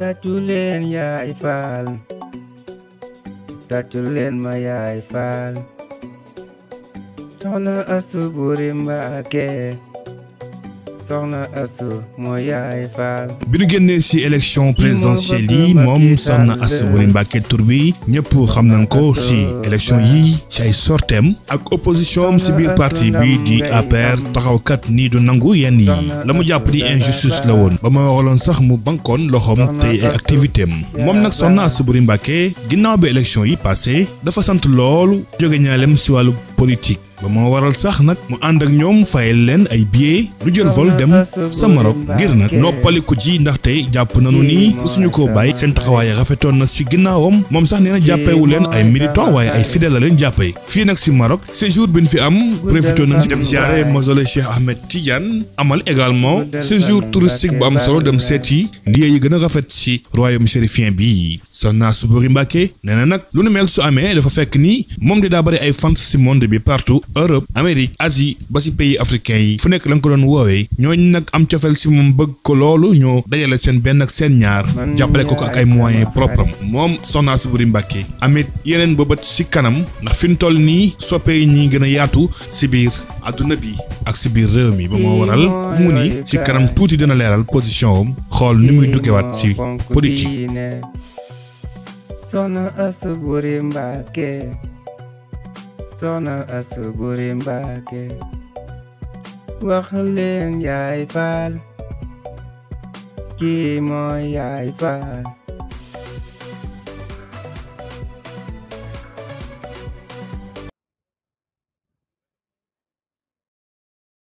tàccu leen yaay faal tàccu leen ma yaay faal soxna Astou Boury Mbacké mooy yaay faal bi nu génnee ci élection présidentielle yi moom soxna asu wari mbàkke tur bi ñëpp xam nañ ko ci élection yi ci ay sorteem ak opposition am ci biir parti bi di APR taxawkat nii du nangu yenn yi la mu jàpp ni injustice la woon ba ma waxaloon sax mu bankoon loxoom tey ay activité am moom nag soxna asu buri mbàkke ginnaaw bi élection yi passé dafa sant loolu jóge ñaalem si wàllu politique ba moo waral sax nag mu ànd ak ñoom fayal leen ay billets du jël vol dem sa Maroc ngir nag noppaliku ci ndaxte jàpp nañu ni suñu ko bàyyi seen taxawaay rafetoon na si ginnaawam moom sax nee na jàppewu leen ay militants waaye ay fidèles la leen jàppee fii nag si Maroc séjour bi nu fi am profité nañ si dem ziare mausolée Cheikh Ahmed Tidiane amal également séjour touristique bu am solo dem seeti lieu yi gën a rafet si royaume chérifien bi soxna Soubouri Mbacké nee na nag su amee dafa fekk ni moom de daa si monde bi partout. Europe Amérique Asie ba ci pays africain yi fu nekk la nga ko doon woowee ñooñu nag am cofeel ci moom bëgg ko loolu ñoo dajale seen benn ak seen ñaar jàppale ko ko ak ay moyens propres moom soxna si Buri Mbàkke amit yeneen bëbët ci kanam ndax fi mu toll nii soppe yi ñi gën a yaatu ci biir adduna bi ak ci biir réew mi ba moo waral mu ni ci kanam tuuti dina leeral position am xool ni muy dukkewaat ci politique soxna asu buri mbaake wax leen yaay kii mooy yaay